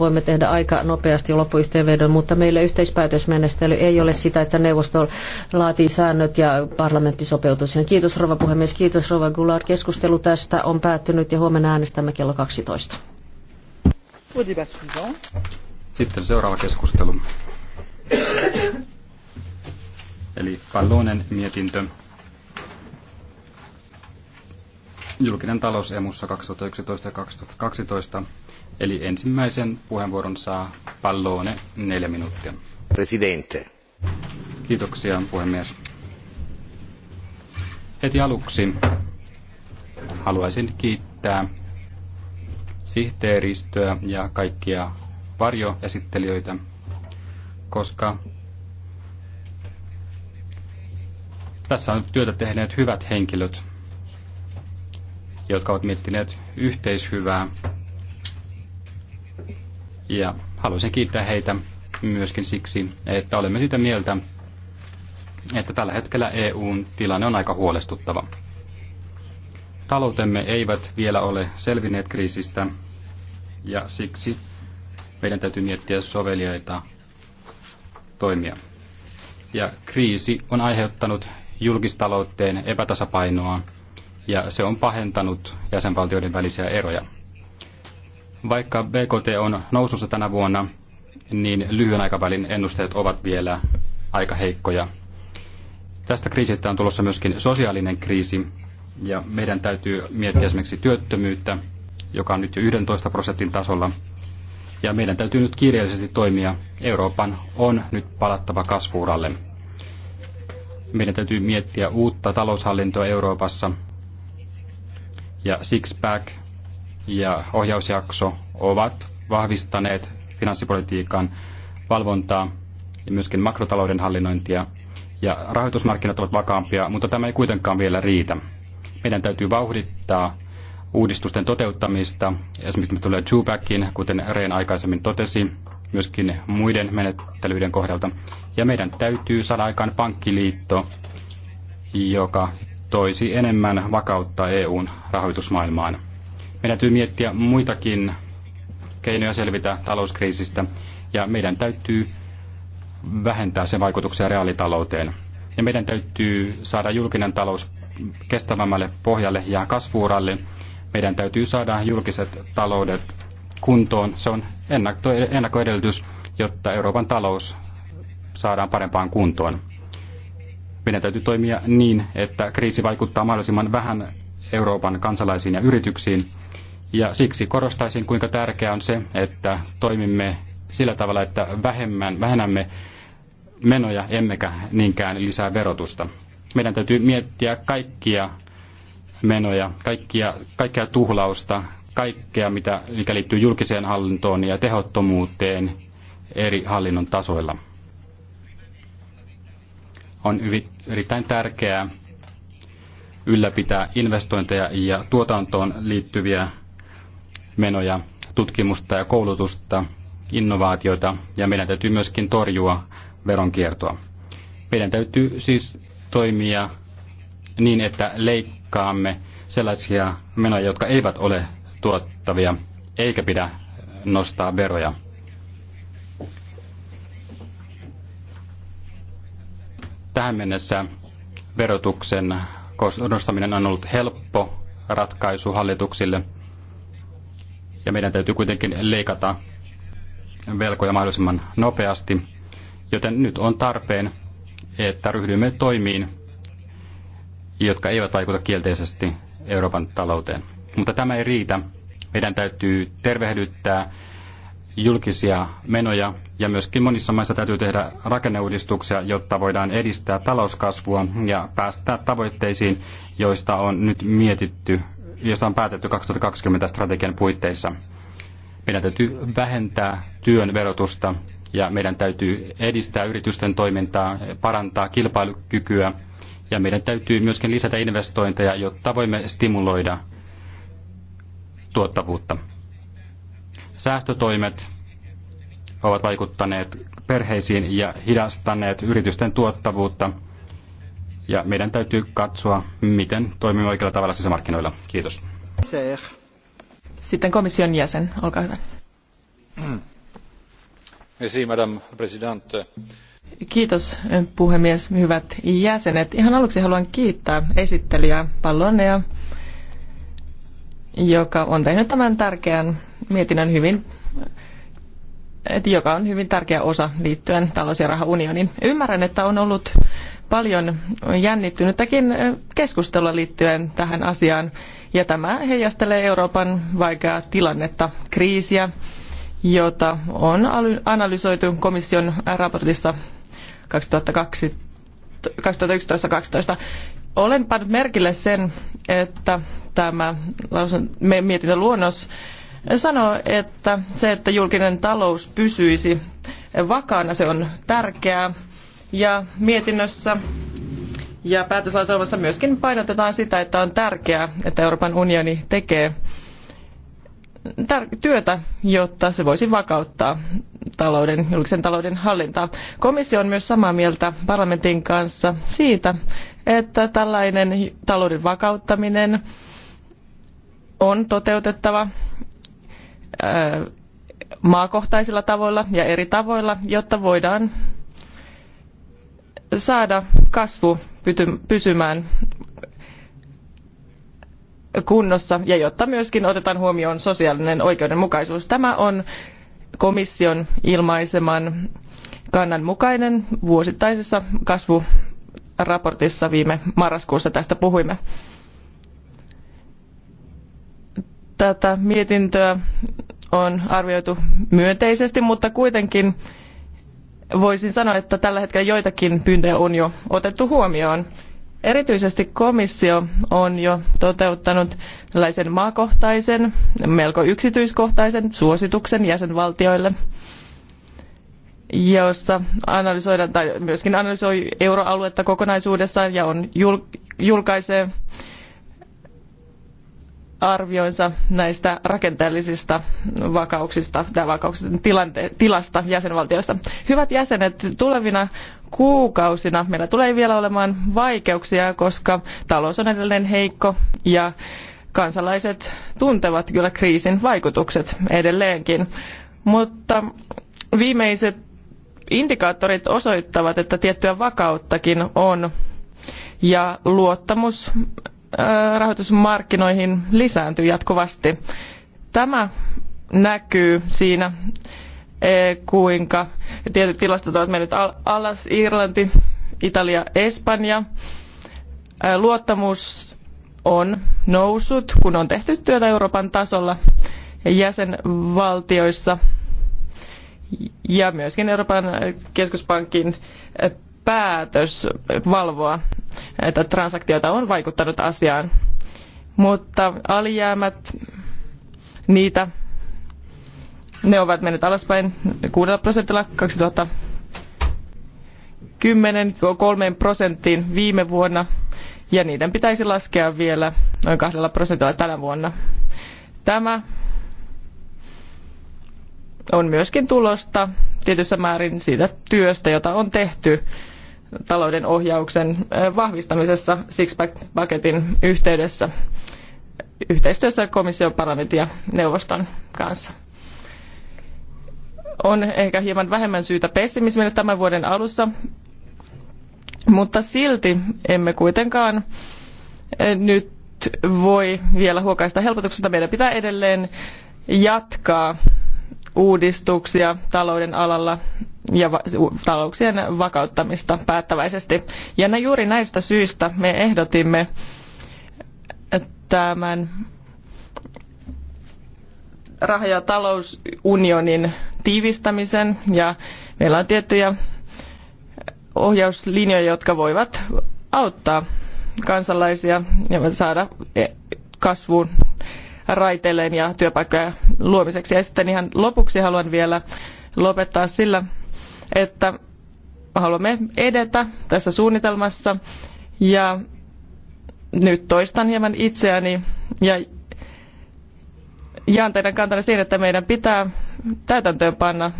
voimme tehdä aika nopeasti loppuyhteenvedon, mutta meille yhteispäätösmenestely ei ole sitä, että neuvosto laatii säännöt ja parlamentti sopeutuu siihen. Kiitos rouva puhemies, kiitos rouva Goulart. Keskustelu tästä on päättynyt ja huomenna äänestämme kello 12. Sitten seuraava keskustelu. Eli Pallonen mietintö. Julkinen talous emussa 2011 ja 2012 Eli ensimmäisen puheenvuoron saa Pallone neljä minuuttia. Presidente. Kiitoksia puhemies. Heti aluksi haluaisin kiittää sihteeristöä ja kaikkia varjoesittelijöitä, koska tässä on työtä tehneet hyvät henkilöt, jotka ovat miettineet yhteishyvää ja haluaisin kiittää heitä myöskin siksi, että olemme sitä mieltä, että tällä hetkellä EUn tilanne on aika huolestuttava. Taloutemme eivät vielä ole selvinneet kriisistä ja siksi meidän täytyy miettiä soveliaita toimia. Ja kriisi on aiheuttanut julkistalouteen epätasapainoa ja se on pahentanut jäsenvaltioiden välisiä eroja. Vaikka BKT on nousussa tänä vuonna, niin lyhyen aikavälin ennusteet ovat vielä aika heikkoja. Tästä kriisistä on tulossa myöskin sosiaalinen kriisi, ja meidän täytyy miettiä esimerkiksi työttömyyttä, joka on nyt jo 11 prosentin tasolla. Ja meidän täytyy nyt kiireellisesti toimia. Euroopan on nyt palattava kasvuuralle. Meidän täytyy miettiä uutta taloushallintoa Euroopassa. Ja Sixpack ja ohjausjakso ovat vahvistaneet finanssipolitiikan valvontaa ja myöskin makrotalouden hallinnointia. Ja rahoitusmarkkinat ovat vakaampia, mutta tämä ei kuitenkaan vielä riitä. Meidän täytyy vauhdittaa uudistusten toteuttamista. Esimerkiksi me tulee Jubackin, kuten Reen aikaisemmin totesi, myöskin muiden menettelyiden kohdalta. Ja meidän täytyy saada aikaan pankkiliitto, joka toisi enemmän vakautta EUn rahoitusmaailmaan. Meidän täytyy miettiä muitakin keinoja selvitä talouskriisistä ja meidän täytyy vähentää sen vaikutuksia reaalitalouteen. Ja meidän täytyy saada julkinen talous kestävämmälle pohjalle ja kasvuuralle. Meidän täytyy saada julkiset taloudet kuntoon. Se on ennakkoedellytys, jotta Euroopan talous saadaan parempaan kuntoon. Meidän täytyy toimia niin, että kriisi vaikuttaa mahdollisimman vähän Euroopan kansalaisiin ja yrityksiin, ja siksi korostaisin, kuinka tärkeää on se, että toimimme sillä tavalla, että vähemmän, vähennämme menoja emmekä niinkään lisää verotusta. Meidän täytyy miettiä kaikkia menoja, kaikkia, kaikkia tuhlausta, kaikkea, mitä, mikä liittyy julkiseen hallintoon ja tehottomuuteen eri hallinnon tasoilla. On erittäin tärkeää ylläpitää investointeja ja tuotantoon liittyviä menoja, tutkimusta ja koulutusta, innovaatioita ja meidän täytyy myöskin torjua veronkiertoa. Meidän täytyy siis toimia niin, että leikkaamme sellaisia menoja, jotka eivät ole tuottavia, eikä pidä nostaa veroja. Tähän mennessä verotuksen nostaminen on ollut helppo ratkaisu hallituksille – ja meidän täytyy kuitenkin leikata velkoja mahdollisimman nopeasti, joten nyt on tarpeen, että ryhdymme toimiin, jotka eivät vaikuta kielteisesti Euroopan talouteen. Mutta tämä ei riitä. Meidän täytyy tervehdyttää julkisia menoja ja myöskin monissa maissa täytyy tehdä rakenneuudistuksia, jotta voidaan edistää talouskasvua ja päästä tavoitteisiin, joista on nyt mietitty josta on päätetty 2020 strategian puitteissa. Meidän täytyy vähentää työn verotusta ja meidän täytyy edistää yritysten toimintaa, parantaa kilpailukykyä ja meidän täytyy myöskin lisätä investointeja, jotta voimme stimuloida tuottavuutta. Säästötoimet ovat vaikuttaneet perheisiin ja hidastaneet yritysten tuottavuutta – ja meidän täytyy katsoa, miten toimimme oikealla tavalla sisämarkkinoilla. Kiitos. Sitten komission jäsen, olkaa hyvä. Kiitos puhemies, hyvät jäsenet. Ihan aluksi haluan kiittää esittelijää Pallonea, joka on tehnyt tämän tärkeän mietinnön hyvin joka on hyvin tärkeä osa liittyen talous- ja rahaunioniin. Ymmärrän, että on ollut paljon jännittynyttäkin keskustelua liittyen tähän asiaan, ja tämä heijastelee Euroopan vaikeaa tilannetta, kriisiä, jota on analysoitu komission raportissa 2011-2012. Olen pannut merkille sen, että tämä mietintöluonnos luonnos sanoo, että se, että julkinen talous pysyisi vakaana, se on tärkeää. Ja mietinnössä ja päätöslauselmassa myöskin painotetaan sitä, että on tärkeää, että Euroopan unioni tekee työtä, jotta se voisi vakauttaa talouden, julkisen talouden hallintaa. Komissio on myös samaa mieltä parlamentin kanssa siitä, että tällainen talouden vakauttaminen on toteutettava maakohtaisilla tavoilla ja eri tavoilla, jotta voidaan saada kasvu pysymään kunnossa ja jotta myöskin otetaan huomioon sosiaalinen oikeudenmukaisuus. Tämä on komission ilmaiseman kannan mukainen vuosittaisessa kasvuraportissa viime marraskuussa tästä puhuimme. Tätä mietintöä on arvioitu myönteisesti, mutta kuitenkin voisin sanoa, että tällä hetkellä joitakin pyyntöjä on jo otettu huomioon. Erityisesti komissio on jo toteuttanut tällaisen maakohtaisen, melko yksityiskohtaisen suosituksen jäsenvaltioille, jossa analysoidaan tai myöskin analysoi euroaluetta kokonaisuudessaan ja on julkaisee arvioinsa näistä rakenteellisista vakauksista tai vakauksista tilante, tilasta jäsenvaltioissa. Hyvät jäsenet, tulevina kuukausina meillä tulee vielä olemaan vaikeuksia, koska talous on edelleen heikko ja kansalaiset tuntevat kyllä kriisin vaikutukset edelleenkin. Mutta viimeiset indikaattorit osoittavat, että tiettyä vakauttakin on ja luottamus rahoitusmarkkinoihin lisääntyy jatkuvasti. Tämä näkyy siinä, e, kuinka tietyt tilastot ovat menneet alas Irlanti, Italia, Espanja. Luottamus on noussut, kun on tehty työtä Euroopan tasolla jäsenvaltioissa ja myöskin Euroopan keskuspankin päätös valvoa näitä transaktioita on vaikuttanut asiaan. Mutta alijäämät, niitä, ne ovat menneet alaspäin 6 prosentilla 2010 kolmeen prosenttiin viime vuonna ja niiden pitäisi laskea vielä noin kahdella prosentilla tänä vuonna. Tämä on myöskin tulosta tietyssä määrin siitä työstä, jota on tehty talouden ohjauksen vahvistamisessa Sixpack-paketin yhteydessä yhteistyössä komission, parlamentin ja neuvoston kanssa. On ehkä hieman vähemmän syytä pessimismille tämän vuoden alussa, mutta silti emme kuitenkaan nyt voi vielä huokaista helpotuksesta. Meidän pitää edelleen jatkaa uudistuksia talouden alalla ja talouksien vakauttamista päättäväisesti. Ja juuri näistä syistä me ehdotimme tämän raha- ja talousunionin tiivistämisen ja meillä on tiettyjä ohjauslinjoja, jotka voivat auttaa kansalaisia ja saada e- kasvuun raiteilleen ja työpaikkojen luomiseksi. Ja sitten ihan lopuksi haluan vielä lopettaa sillä, että haluamme edetä tässä suunnitelmassa ja nyt toistan hieman itseäni ja jaan teidän kantanne siinä, että meidän pitää täytäntöön panna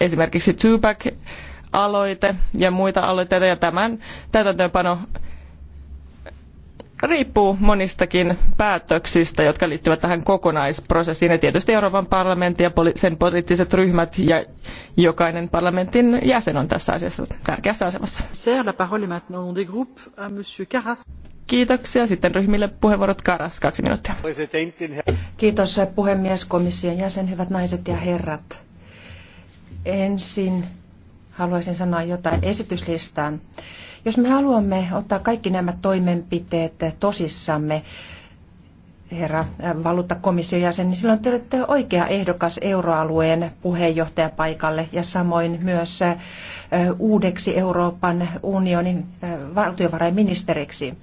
esimerkiksi Tupac-aloite ja muita aloitteita ja tämän täytäntöönpano riippuu monistakin päätöksistä, jotka liittyvät tähän kokonaisprosessiin. Ja tietysti Euroopan parlamentti ja sen poliittiset ryhmät ja jokainen parlamentin jäsen on tässä asiassa tärkeässä asemassa. Kiitoksia. Sitten ryhmille puheenvuorot Karas, kaksi minuuttia. Kiitos puhemies, komission jäsen, hyvät naiset ja herrat. Ensin haluaisin sanoa jotain esityslistaan. Jos me haluamme ottaa kaikki nämä toimenpiteet tosissamme, herra valuuttakomission jäsen, niin silloin te olette oikea ehdokas euroalueen puheenjohtajapaikalle ja samoin myös uudeksi Euroopan unionin valtiovarainministeriksi.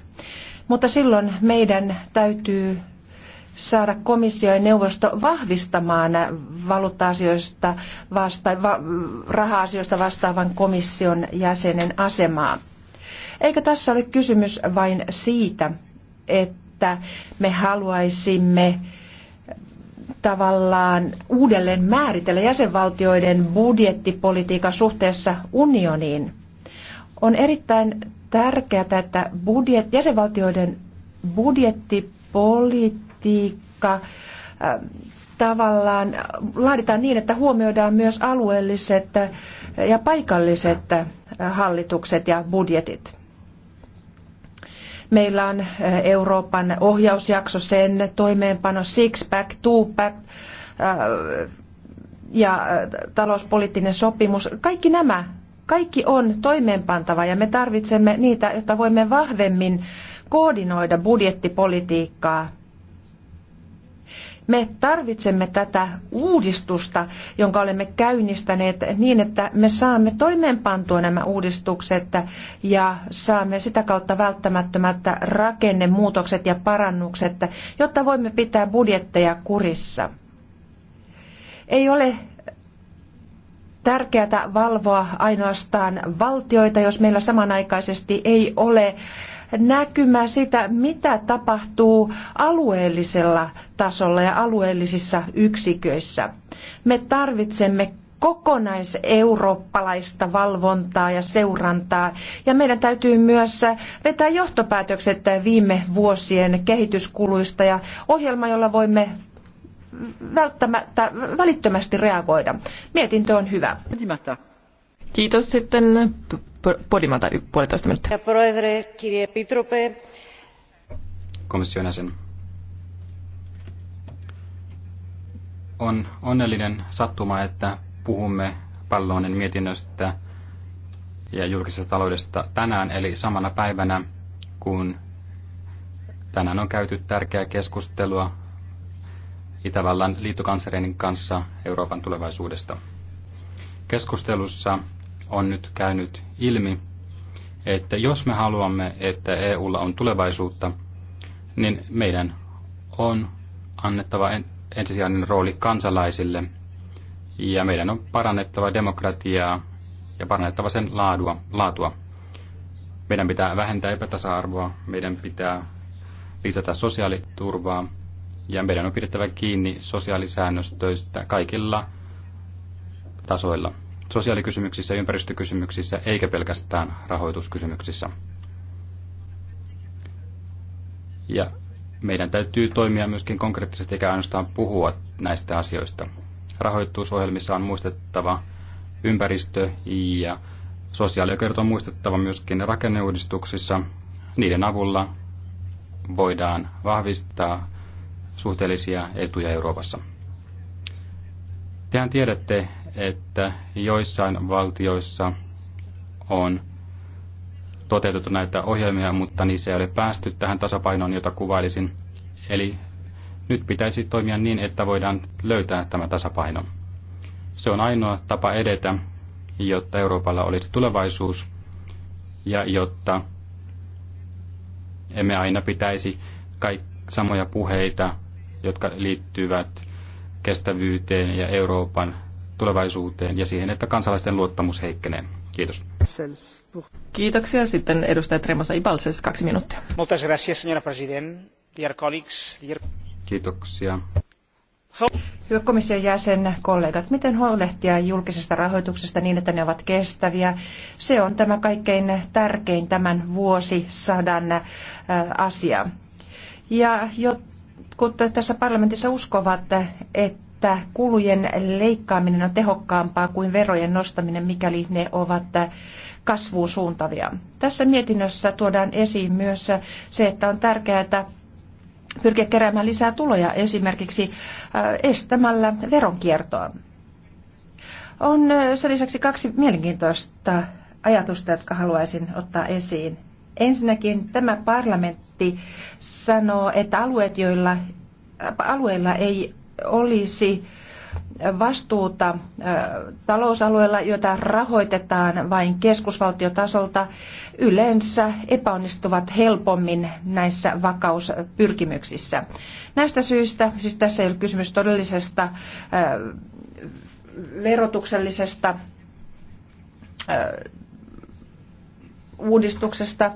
Mutta silloin meidän täytyy saada komissio ja neuvosto vahvistamaan valuutta-asioista vasta- va- raha-asioista vastaavan komission jäsenen asemaa. Eikä tässä ole kysymys vain siitä, että me haluaisimme tavallaan uudelleen määritellä jäsenvaltioiden budjettipolitiikan suhteessa unioniin. On erittäin tärkeää, että budjet, jäsenvaltioiden budjettipolitiikka äh, tavallaan laaditaan niin, että huomioidaan myös alueelliset ja paikalliset hallitukset ja budjetit. Meillä on eh, Euroopan ohjausjakso, sen toimeenpano, six-pack, two-pack eh, ja eh, talouspoliittinen sopimus. Kaikki nämä, kaikki on toimeenpantava ja me tarvitsemme niitä, jotta voimme vahvemmin koordinoida budjettipolitiikkaa me tarvitsemme tätä uudistusta, jonka olemme käynnistäneet niin, että me saamme toimeenpantua nämä uudistukset ja saamme sitä kautta välttämättömät rakennemuutokset ja parannukset, jotta voimme pitää budjetteja kurissa. Ei ole tärkeää valvoa ainoastaan valtioita, jos meillä samanaikaisesti ei ole näkymä sitä, mitä tapahtuu alueellisella tasolla ja alueellisissa yksiköissä. Me tarvitsemme kokonaiseurooppalaista valvontaa ja seurantaa. Ja meidän täytyy myös vetää johtopäätökset viime vuosien kehityskuluista ja ohjelma, jolla voimme välttämättä välittömästi reagoida. Mietintö on hyvä. Kiitos sitten Podimata puolitoista minuuttia. Komission jäsen. On onnellinen sattuma, että puhumme Pallonen mietinnöstä ja julkisesta taloudesta tänään, eli samana päivänä, kun tänään on käyty tärkeää keskustelua Itävallan liittokanslerin kanssa Euroopan tulevaisuudesta. Keskustelussa on nyt käynyt ilmi, että jos me haluamme, että EUlla on tulevaisuutta, niin meidän on annettava ensisijainen rooli kansalaisille ja meidän on parannettava demokratiaa ja parannettava sen laadua, laatua. Meidän pitää vähentää epätasa-arvoa, meidän pitää lisätä sosiaaliturvaa ja meidän on pidettävä kiinni sosiaalisäännöstöistä kaikilla tasoilla sosiaalikysymyksissä, ympäristökysymyksissä eikä pelkästään rahoituskysymyksissä. Ja meidän täytyy toimia myöskin konkreettisesti eikä ainoastaan puhua näistä asioista. Rahoitusohjelmissa on muistettava ympäristö ja sosiaalioikeudet on muistettava myöskin rakenneuudistuksissa. Niiden avulla voidaan vahvistaa suhteellisia etuja Euroopassa. Tehän tiedätte, että joissain valtioissa on toteutettu näitä ohjelmia, mutta niissä ei ole päästy tähän tasapainoon, jota kuvailisin. Eli nyt pitäisi toimia niin, että voidaan löytää tämä tasapaino. Se on ainoa tapa edetä, jotta Euroopalla olisi tulevaisuus ja jotta emme aina pitäisi kaikki samoja puheita, jotka liittyvät kestävyyteen ja Euroopan tulevaisuuteen ja siihen, että kansalaisten luottamus heikkenee. Kiitos. Kiitoksia. Sitten edustaja Tremosa Ibalses, kaksi minuuttia. Dear colleagues, dear... Kiitoksia. Hyvä komission jäsen, kollegat, miten huolehtia julkisesta rahoituksesta niin, että ne ovat kestäviä? Se on tämä kaikkein tärkein tämän vuosisadan asia. Ja jotkut tässä parlamentissa uskovat, että että kulujen leikkaaminen on tehokkaampaa kuin verojen nostaminen, mikäli ne ovat kasvuun suuntavia. Tässä mietinnössä tuodaan esiin myös se, että on tärkeää pyrkiä keräämään lisää tuloja esimerkiksi äh, estämällä veronkiertoa. On äh, sen lisäksi kaksi mielenkiintoista ajatusta, jotka haluaisin ottaa esiin. Ensinnäkin tämä parlamentti sanoo, että alueet, joilla, äh, alueilla ei olisi vastuuta talousalueella, jota rahoitetaan vain keskusvaltiotasolta, yleensä epäonnistuvat helpommin näissä vakauspyrkimyksissä. Näistä syistä, siis tässä ei ole kysymys todellisesta verotuksellisesta uudistuksesta,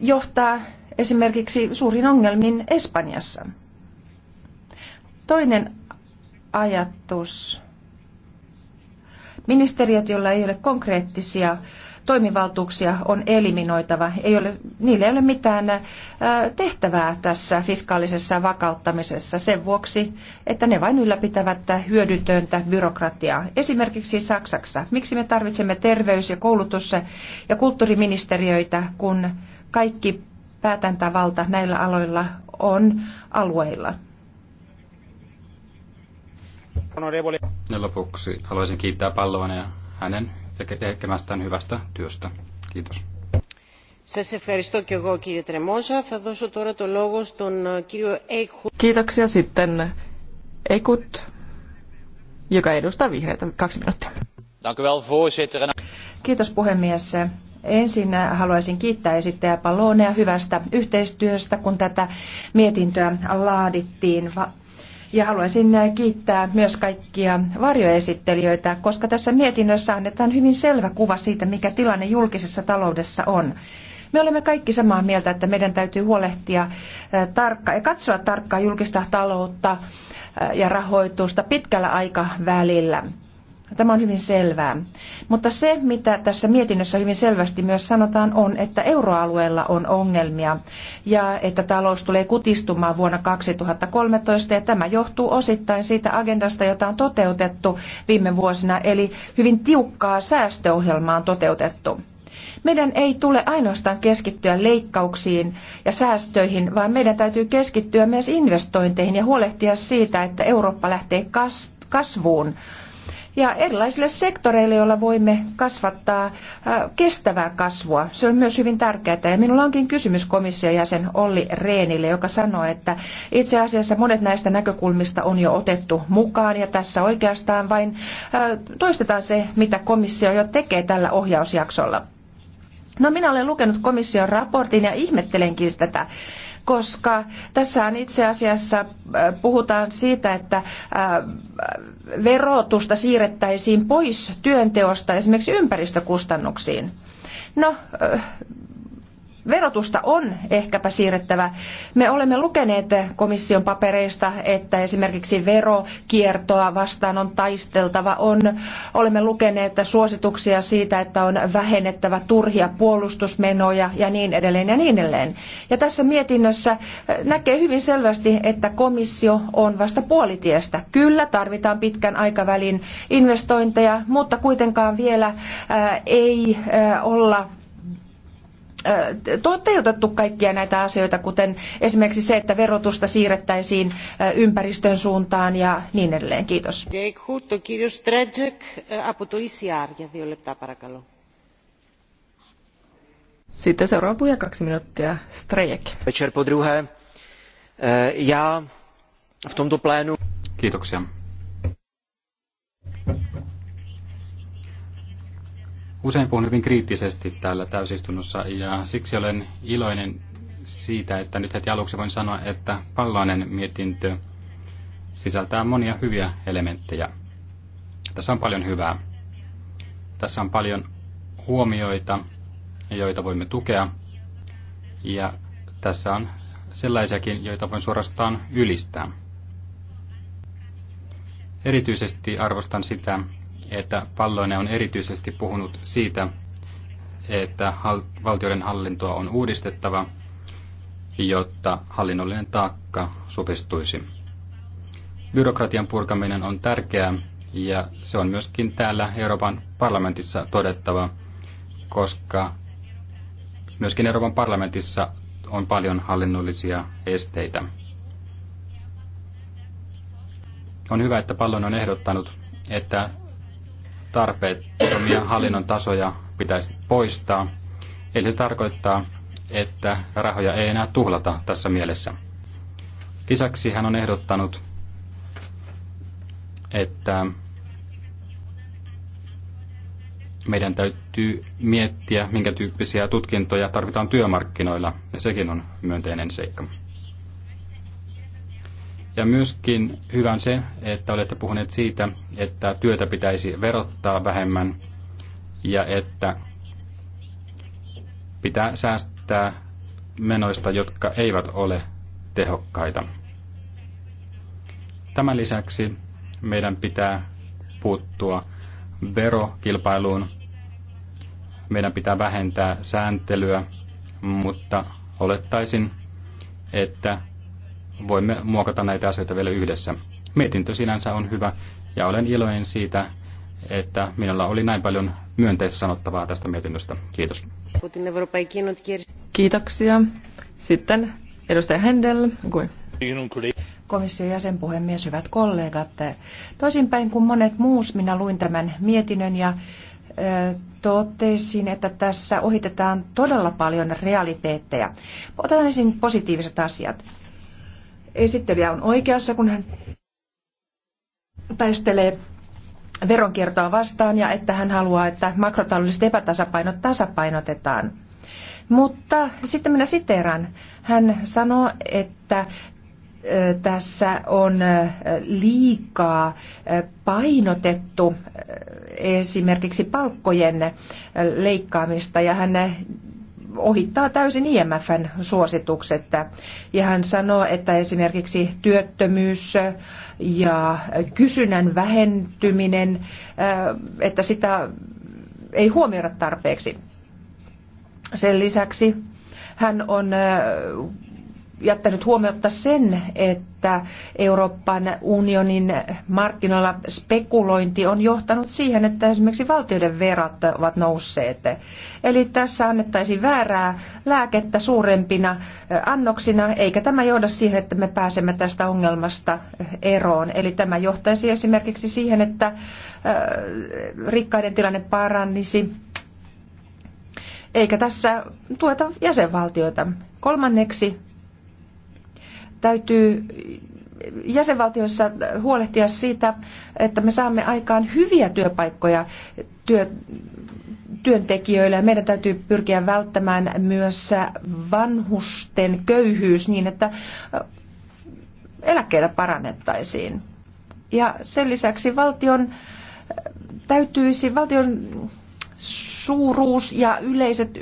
johtaa esimerkiksi suuriin ongelmiin Espanjassa. Toinen ajatus. Ministeriöt, joilla ei ole konkreettisia toimivaltuuksia on eliminoitava. Ei ole, niillä ei ole mitään äh, tehtävää tässä fiskaalisessa vakauttamisessa sen vuoksi, että ne vain ylläpitävät hyödytöntä byrokratiaa. Esimerkiksi Saksassa. Miksi me tarvitsemme terveys- ja koulutus- ja kulttuuriministeriöitä, kun kaikki päätäntävalta näillä aloilla on alueilla? Ja lopuksi haluaisin kiittää Palloa ja hänen tekemästään hyvästä työstä. Kiitos. Σας ευχαριστώ και εγώ κύριε Τρεμόσα. Θα δώσω τώρα το λόγο στον κύριο Kiitoksia sitten Eikut, joka edustaa vihreitä. Kaksi minuuttia. wel, voorzitter. Kiitos puhemies. Ensin haluaisin kiittää esittäjä Palonea hyvästä yhteistyöstä, kun tätä mietintöä laadittiin ja haluaisin äh, kiittää myös kaikkia varjoesittelijöitä, koska tässä mietinnössä annetaan hyvin selvä kuva siitä, mikä tilanne julkisessa taloudessa on. Me olemme kaikki samaa mieltä, että meidän täytyy huolehtia äh, tarkka ja katsoa tarkkaan julkista taloutta äh, ja rahoitusta pitkällä aikavälillä. Tämä on hyvin selvää. Mutta se, mitä tässä mietinnössä hyvin selvästi myös sanotaan, on, että euroalueella on ongelmia ja että talous tulee kutistumaan vuonna 2013 ja tämä johtuu osittain siitä agendasta, jota on toteutettu viime vuosina, eli hyvin tiukkaa säästöohjelmaa on toteutettu. Meidän ei tule ainoastaan keskittyä leikkauksiin ja säästöihin, vaan meidän täytyy keskittyä myös investointeihin ja huolehtia siitä, että Eurooppa lähtee kasvuun ja erilaisille sektoreille, joilla voimme kasvattaa äh, kestävää kasvua. Se on myös hyvin tärkeää. Ja minulla onkin kysymys komission jäsen Olli Rehnille, joka sanoi, että itse asiassa monet näistä näkökulmista on jo otettu mukaan ja tässä oikeastaan vain äh, toistetaan se, mitä komissio jo tekee tällä ohjausjaksolla. No minä olen lukenut komission raportin ja ihmettelenkin tätä koska on itse asiassa äh, puhutaan siitä, että äh, verotusta siirrettäisiin pois työnteosta esimerkiksi ympäristökustannuksiin. No, äh, verotusta on ehkäpä siirrettävä. Me olemme lukeneet komission papereista, että esimerkiksi verokiertoa vastaan on taisteltava. On, olemme lukeneet suosituksia siitä, että on vähennettävä turhia puolustusmenoja ja niin edelleen ja niin edelleen. Ja tässä mietinnössä eh, näkee hyvin selvästi, että komissio on vasta puolitiestä. Kyllä tarvitaan pitkän aikavälin investointeja, mutta kuitenkaan vielä eh, ei eh, olla toteutettu kaikkia näitä asioita, kuten esimerkiksi se, että verotusta siirrettäisiin ympäristön suuntaan ja niin edelleen. Kiitos. E Sitten seuraava puhuja kaksi minuuttia. Strejek. Večer po druhé. Já v tomto plénu... Kiitoksia usein puhun hyvin kriittisesti täällä täysistunnossa ja siksi olen iloinen siitä, että nyt heti aluksi voin sanoa, että Palloinen mietintö sisältää monia hyviä elementtejä. Tässä on paljon hyvää. Tässä on paljon huomioita, joita voimme tukea. Ja tässä on sellaisiakin, joita voin suorastaan ylistää. Erityisesti arvostan sitä, että Palloinen on erityisesti puhunut siitä, että valtioiden hallintoa on uudistettava, jotta hallinnollinen taakka supistuisi. Byrokratian purkaminen on tärkeää ja se on myöskin täällä Euroopan parlamentissa todettava, koska myöskin Euroopan parlamentissa on paljon hallinnollisia esteitä. On hyvä, että Pallon on ehdottanut, että tarpeettomia hallinnon tasoja pitäisi poistaa. Eli se tarkoittaa, että rahoja ei enää tuhlata tässä mielessä. Lisäksi hän on ehdottanut, että meidän täytyy miettiä, minkä tyyppisiä tutkintoja tarvitaan työmarkkinoilla, ja sekin on myönteinen seikka. Ja myöskin hyvä on se, että olette puhuneet siitä, että työtä pitäisi verottaa vähemmän ja että pitää säästää menoista, jotka eivät ole tehokkaita. Tämän lisäksi meidän pitää puuttua verokilpailuun. Meidän pitää vähentää sääntelyä, mutta olettaisin, että voimme muokata näitä asioita vielä yhdessä. Mietintö sinänsä on hyvä ja olen iloinen siitä, että minulla oli näin paljon myönteistä sanottavaa tästä mietinnöstä. Kiitos. Kiitoksia. Sitten edustaja Händel. Komission jäsenpuhemies, hyvät kollegat. Toisinpäin kuin monet muus, minä luin tämän mietinnön ja totesin, että tässä ohitetaan todella paljon realiteetteja. Otetaan ensin positiiviset asiat. Esittelijä on oikeassa, kun hän taistelee veronkiertoa vastaan ja että hän haluaa, että makrotaloudelliset epätasapainot tasapainotetaan. Mutta sitten minä siteeran. Hän sanoo, että tässä on liikaa painotettu esimerkiksi palkkojen leikkaamista ja hän ohittaa täysin IMFn suositukset. Ja hän sanoo, että esimerkiksi työttömyys ja kysynnän vähentyminen, äh, että sitä ei huomioida tarpeeksi. Sen lisäksi hän on äh, jättänyt huomiota sen, että Euroopan unionin markkinoilla spekulointi on johtanut siihen, että esimerkiksi valtioiden verot ovat nousseet. Eli tässä annettaisiin väärää lääkettä suurempina annoksina, eikä tämä johda siihen, että me pääsemme tästä ongelmasta eroon. Eli tämä johtaisi esimerkiksi siihen, että rikkaiden tilanne parannisi eikä tässä tueta jäsenvaltioita. Kolmanneksi täytyy jäsenvaltioissa huolehtia siitä, että me saamme aikaan hyviä työpaikkoja työ, työntekijöille. Meidän täytyy pyrkiä välttämään myös vanhusten köyhyys niin, että eläkkeitä parannettaisiin. Ja sen lisäksi valtion täytyisi, valtion suuruus ja yleiset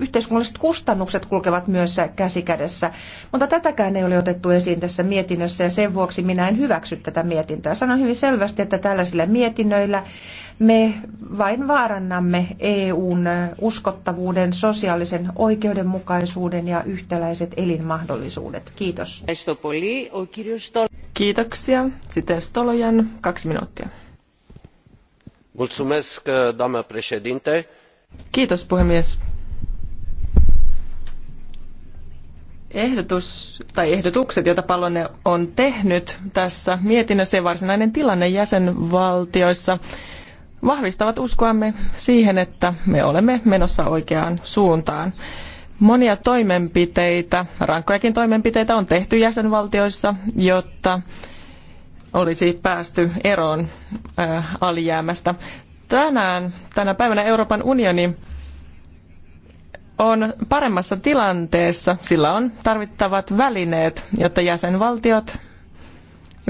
yhteiskunnalliset kustannukset kulkevat myös käsi kädessä. Mutta tätäkään ei ole otettu esiin tässä mietinnössä ja sen vuoksi minä en hyväksy tätä mietintöä. Sanon hyvin selvästi, että tällaisilla mietinnöillä me vain vaarannamme EUn uskottavuuden, sosiaalisen oikeudenmukaisuuden ja yhtäläiset elinmahdollisuudet. Kiitos. Kiitoksia. Sitten Stolojan kaksi minuuttia. Mulțumesc, doamnă președinte. Kiitos puhemies. ehdotus tai ehdotukset, joita Palonen on tehnyt tässä mietinnössä ja varsinainen tilanne jäsenvaltioissa vahvistavat uskoamme siihen, että me olemme menossa oikeaan suuntaan. Monia toimenpiteitä, rankkojakin toimenpiteitä on tehty jäsenvaltioissa, jotta olisi päästy eroon alijäämästä. Tänään, tänä päivänä Euroopan unioni on paremmassa tilanteessa. Sillä on tarvittavat välineet, jotta jäsenvaltiot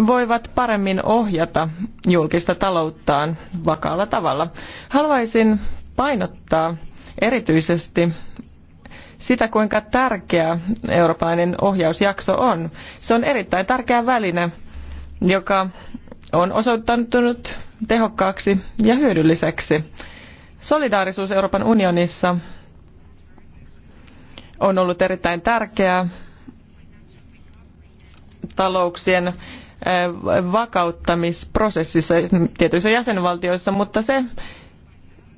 voivat paremmin ohjata julkista talouttaan vakaalla tavalla. Haluaisin painottaa erityisesti sitä, kuinka tärkeä eurooppalainen ohjausjakso on. Se on erittäin tärkeä väline, joka on osoittautunut tehokkaaksi ja hyödylliseksi. Solidaarisuus Euroopan unionissa on ollut erittäin tärkeää talouksien äh, vakauttamisprosessissa tietyissä jäsenvaltioissa, mutta se,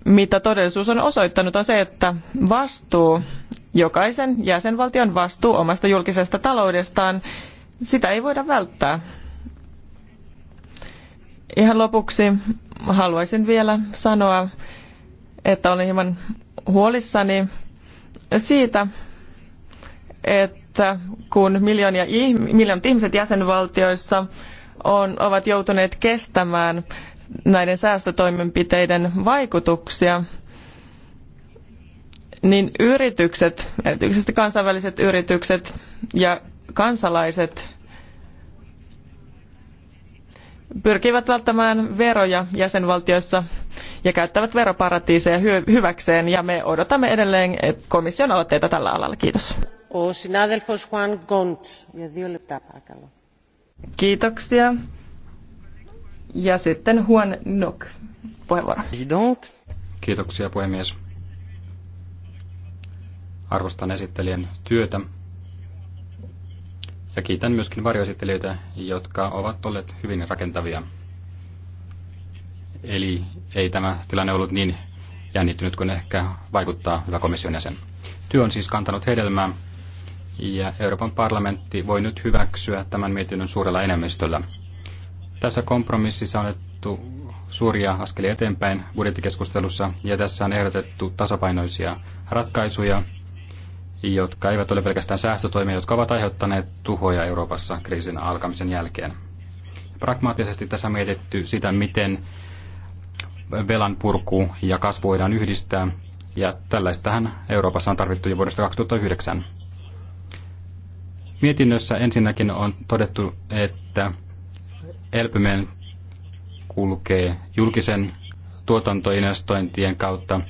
mitä todellisuus on osoittanut, on se, että vastuu, jokaisen jäsenvaltion vastuu omasta julkisesta taloudestaan, sitä ei voida välttää. Ihan lopuksi haluaisin vielä sanoa, että olen hieman huolissani siitä, että kun miljoonia, miljoonat ihmiset jäsenvaltioissa on, ovat joutuneet kestämään näiden säästötoimenpiteiden vaikutuksia, niin yritykset, erityisesti kansainväliset yritykset ja kansalaiset pyrkivät välttämään veroja jäsenvaltioissa ja käyttävät veroparatiiseja hyväkseen ja me odotamme edelleen komission aloitteita tällä alalla. Kiitos. Ο Kiitoksia. Ja sitten Juan Nok, puheenvuoro. Kiitoksia puhemies. Arvostan esittelijän työtä ja kiitän myöskin varjoesittelijöitä, jotka ovat olleet hyvin rakentavia. Eli ei tämä tilanne ollut niin jännittynyt kuin ehkä vaikuttaa hyvä komission jäsen. Työ on siis kantanut hedelmää ja Euroopan parlamentti voi nyt hyväksyä tämän mietinnön suurella enemmistöllä. Tässä kompromississa on otettu suuria askelia eteenpäin budjettikeskustelussa ja tässä on ehdotettu tasapainoisia ratkaisuja, jotka eivät ole pelkästään säästötoimia, jotka ovat aiheuttaneet tuhoja Euroopassa kriisin alkamisen jälkeen. Pragmaattisesti tässä on mietitty sitä, miten velan purku ja kasvu voidaan yhdistää, ja tällaistähän Euroopassa on tarvittu jo vuodesta 2009. Mietinnössä ensinnäkin on todettu, että elpyminen kulkee julkisen tuotantoinvestointien kautta.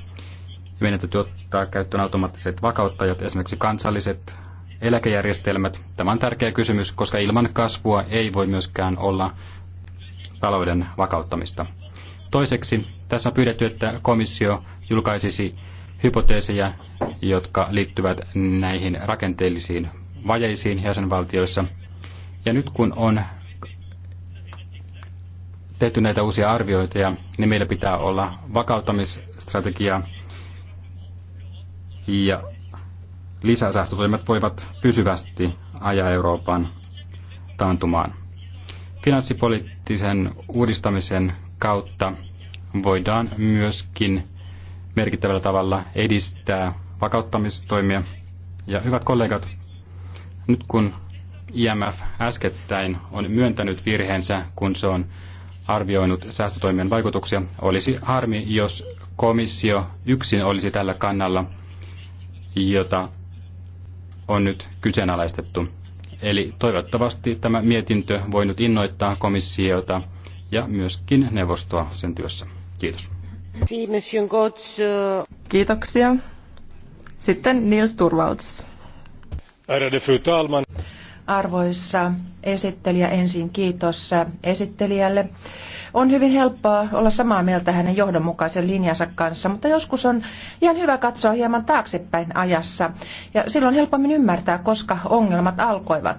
Meidän täytyy ottaa käyttöön automaattiset vakauttajat, esimerkiksi kansalliset eläkejärjestelmät. Tämä on tärkeä kysymys, koska ilman kasvua ei voi myöskään olla talouden vakauttamista. Toiseksi tässä on pyydetty, että komissio julkaisisi hypoteeseja, jotka liittyvät näihin rakenteellisiin vajeisiin jäsenvaltioissa. Ja nyt kun on tehty näitä uusia arviointeja, niin meillä pitää olla vakauttamisstrategia ja lisäsäästötoimet voivat pysyvästi ajaa Euroopan taantumaan. Finanssipoliittisen uudistamisen kautta voidaan myöskin merkittävällä tavalla edistää vakauttamistoimia. Ja hyvät kollegat, nyt kun IMF äskettäin on myöntänyt virheensä, kun se on arvioinut säästötoimien vaikutuksia, olisi harmi, jos komissio yksin olisi tällä kannalla, jota on nyt kyseenalaistettu. Eli toivottavasti tämä mietintö voi nyt innoittaa komissiota ja myöskin neuvostoa sen työssä. Kiitos. Euh- Kiitoksia. Sitten Nils Turvalds. Ärade fru talman. esittelijä ensin kiitos esittelijälle. On hyvin helppoa olla samaa mieltä hänen johdonmukaisen linjansa kanssa, mutta joskus on ihan hyvä katsoa hieman taaksepäin ajassa ja silloin helpommin ymmärtää, koska ongelmat alkoivat.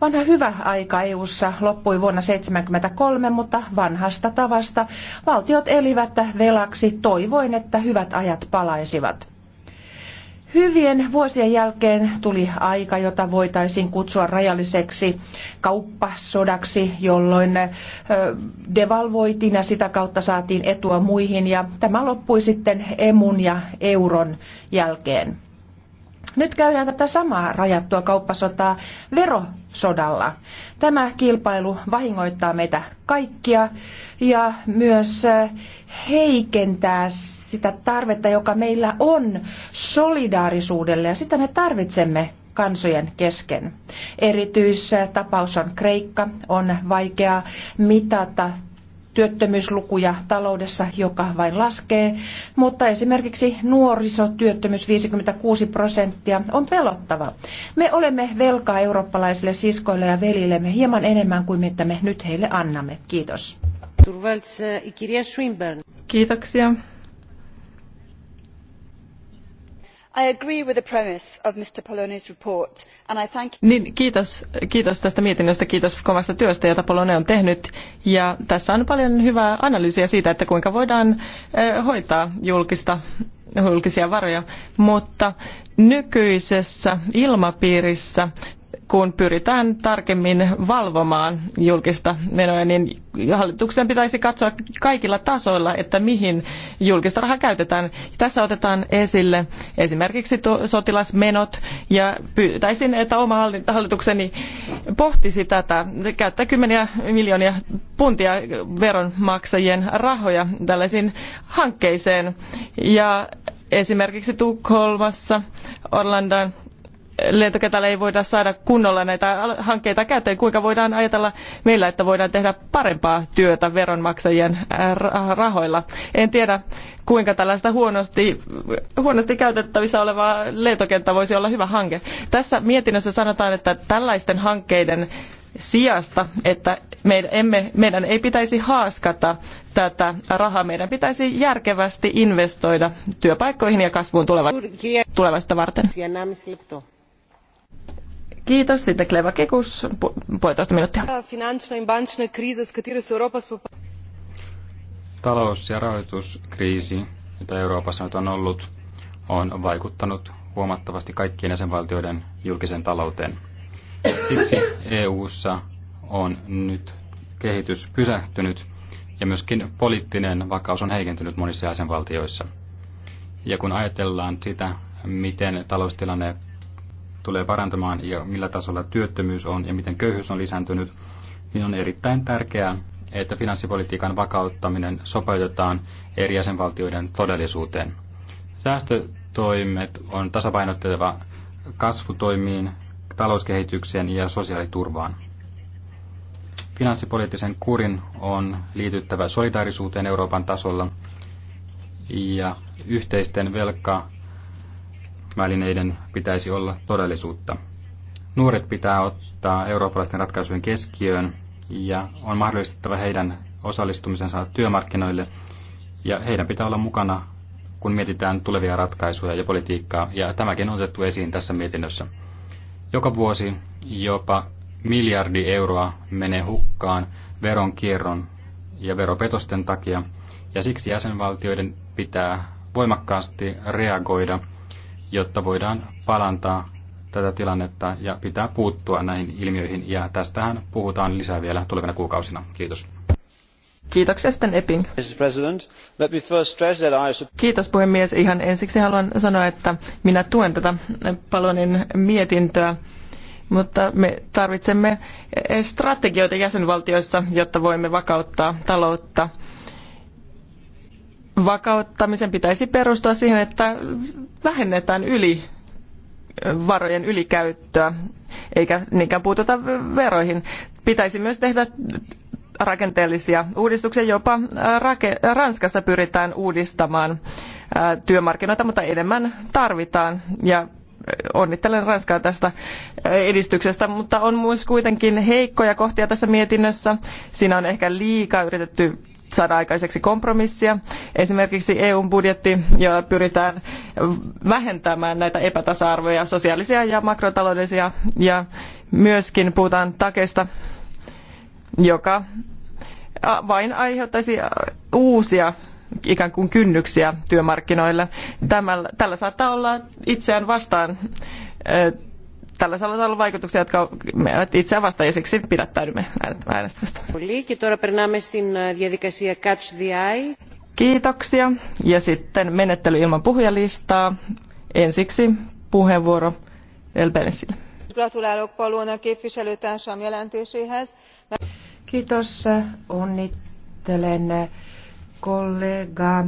Vanha hyvä aika EU-ssa loppui vuonna 1973, mutta vanhasta tavasta valtiot elivät velaksi toivoin, että hyvät ajat palaisivat. Hyvien vuosien jälkeen tuli aika, jota voitaisiin kutsua rajalliseksi kauppasodaksi, jolloin devalvoitiin ja sitä kautta saatiin etua muihin ja tämä loppui sitten emun ja euron jälkeen. Nyt käydään tätä samaa rajattua kauppasotaa verosodalla. Tämä kilpailu vahingoittaa meitä kaikkia ja myös äh, heikentää sitä tarvetta, joka meillä on solidaarisuudelle ja sitä me tarvitsemme kansojen kesken. Erityistapaus on Kreikka. On vaikea mitata työttömyyslukuja taloudessa, joka vain laskee, mutta esimerkiksi nuorisotyöttömyys 56 prosenttia on pelottava. Me olemme velkaa eurooppalaisille siskoille ja velillemme hieman enemmän kuin mitä me nyt heille annamme. Kiitos. Kiitoksia. I agree with the premise of Mr. Poloni's report, and I thank... Niin, kiitos, kiitos tästä mietinnöstä, kiitos kovasta työstä, jota Polone on tehnyt. Ja tässä on paljon hyvää analyysiä siitä, että kuinka voidaan hoitaa julkista, julkisia varoja, mutta nykyisessä ilmapiirissä kun pyritään tarkemmin valvomaan julkista menoja, niin hallituksen pitäisi katsoa kaikilla tasoilla, että mihin julkista rahaa käytetään. Tässä otetaan esille esimerkiksi sotilasmenot ja pyytäisin, että oma hallitukseni pohtisi tätä, käyttää kymmeniä miljoonia puntia veronmaksajien rahoja tällaisiin hankkeisiin. Ja esimerkiksi Tukholmassa, Orlandan lentokentällä ei voida saada kunnolla näitä hankkeita käyteen. Kuinka voidaan ajatella meillä, että voidaan tehdä parempaa työtä veronmaksajien äh, rahoilla? En tiedä, kuinka tällaista huonosti, huonosti käytettävissä olevaa lentokenttä voisi olla hyvä hanke. Tässä mietinnössä sanotaan, että tällaisten hankkeiden sijasta, että meidän, emme, meidän ei pitäisi haaskata tätä rahaa. Meidän pitäisi järkevästi investoida työpaikkoihin ja kasvuun tuleva, tulevasta varten. Kiitos. Sitten Kleva Kekus, puolitoista minuuttia. Talous- ja rahoituskriisi, jota Euroopassa nyt on ollut, on vaikuttanut huomattavasti kaikkien jäsenvaltioiden julkiseen talouteen. Siksi EU:ssa on nyt kehitys pysähtynyt ja myöskin poliittinen vakaus on heikentynyt monissa jäsenvaltioissa. Ja kun ajatellaan sitä, miten taloustilanne tulee parantamaan ja millä tasolla työttömyys on ja miten köyhyys on lisääntynyt, niin on erittäin tärkeää, että finanssipolitiikan vakauttaminen sopeutetaan eri jäsenvaltioiden todellisuuteen. Säästötoimet on tasapainotteleva kasvutoimiin, talouskehitykseen ja sosiaaliturvaan. Finanssipoliittisen kurin on liityttävä solidaarisuuteen Euroopan tasolla ja yhteisten velka- välineiden pitäisi olla todellisuutta. Nuoret pitää ottaa eurooppalaisten ratkaisujen keskiöön ja on mahdollistettava heidän osallistumisensa työmarkkinoille ja heidän pitää olla mukana, kun mietitään tulevia ratkaisuja ja politiikkaa ja tämäkin on otettu esiin tässä mietinnössä. Joka vuosi jopa miljardi euroa menee hukkaan veronkierron ja veropetosten takia ja siksi jäsenvaltioiden pitää voimakkaasti reagoida – jotta voidaan palantaa tätä tilannetta ja pitää puuttua näihin ilmiöihin. Ja tästähän puhutaan lisää vielä tulevina kuukausina. Kiitos. Kiitoksia sitten Epping. Kiitos puhemies. Ihan ensiksi haluan sanoa, että minä tuen tätä Palonin mietintöä, mutta me tarvitsemme strategioita jäsenvaltioissa, jotta voimme vakauttaa taloutta vakauttamisen pitäisi perustua siihen, että vähennetään yli varojen ylikäyttöä, eikä niinkään puututa veroihin. Pitäisi myös tehdä rakenteellisia uudistuksia. Jopa Ranskassa pyritään uudistamaan työmarkkinoita, mutta enemmän tarvitaan. Ja onnittelen Ranskaa tästä edistyksestä, mutta on myös kuitenkin heikkoja kohtia tässä mietinnössä. Siinä on ehkä liikaa yritetty saada aikaiseksi kompromissia. Esimerkiksi EUn budjetti, jolla pyritään vähentämään näitä epätasa-arvoja, sosiaalisia ja makrotaloudellisia, ja myöskin puhutaan takesta, joka vain aiheuttaisi uusia ikään kuin kynnyksiä työmarkkinoille. tämällä tällä saattaa olla itseään vastaan tällä saattaa olla vaikutuksia, jotka menevät itseään vastaan ja siksi pidättäydymme äänestämästä. Kiitoksia. Ja sitten menettely ilman puhujalistaa. Ensiksi puheenvuoro Elbenesille. Gratulálok Palóna képviselőtársam jelentéséhez. Kiitos. Onnittelen kollega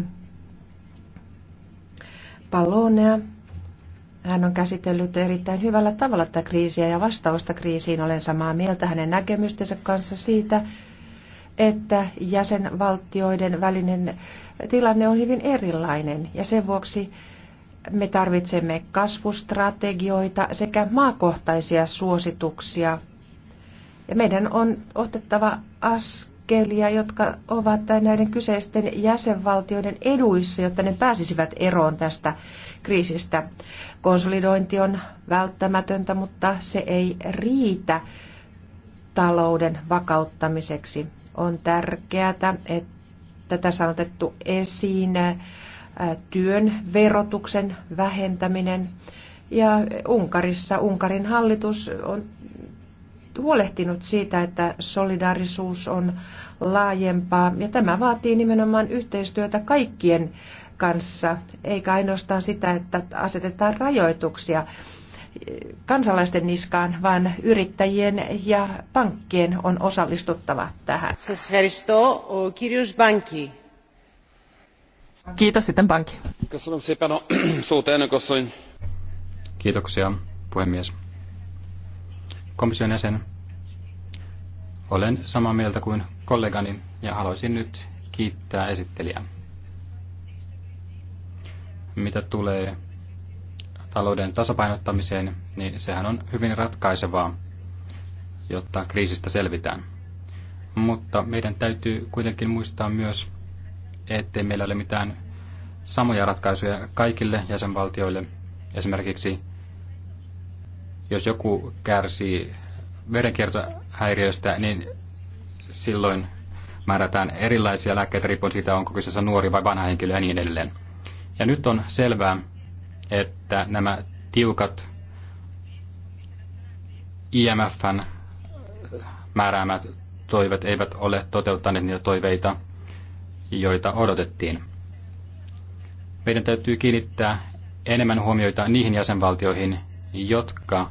Palonea hän on käsitellyt erittäin hyvällä tavalla tätä kriisiä ja vastausta kriisiin. Olen samaa mieltä hänen näkemystensä kanssa siitä, että jäsenvaltioiden välinen tilanne on hyvin erilainen ja sen vuoksi me tarvitsemme kasvustrategioita sekä maakohtaisia suosituksia. Ja meidän on otettava askel askelia, jotka ovat näiden kyseisten jäsenvaltioiden eduissa, jotta ne pääsisivät eroon tästä kriisistä. Konsolidointi on välttämätöntä, mutta se ei riitä talouden vakauttamiseksi. On tärkeää, että tässä on otettu esiin työn verotuksen vähentäminen. Ja Unkarissa Unkarin hallitus on huolehtinut siitä, että solidaarisuus on laajempaa ja tämä vaatii nimenomaan yhteistyötä kaikkien kanssa, eikä ainoastaan sitä, että asetetaan rajoituksia kansalaisten niskaan, vaan yrittäjien ja pankkien on osallistuttava tähän. Kiitos sitten pankki. Kiitoksia puhemies komission jäsen. Olen samaa mieltä kuin kollegani ja haluaisin nyt kiittää esittelijää. Mitä tulee talouden tasapainottamiseen, niin sehän on hyvin ratkaisevaa, jotta kriisistä selvitään. Mutta meidän täytyy kuitenkin muistaa myös, ettei meillä ole mitään samoja ratkaisuja kaikille jäsenvaltioille. Esimerkiksi jos joku kärsii verenkiertohäiriöstä, niin silloin määrätään erilaisia lääkkeitä riippuen siitä, onko kyseessä nuori vai vanha henkilö ja niin edelleen. Ja nyt on selvää, että nämä tiukat IMFn määräämät toiveet eivät ole toteuttaneet niitä toiveita, joita odotettiin. Meidän täytyy kiinnittää enemmän huomioita niihin jäsenvaltioihin, jotka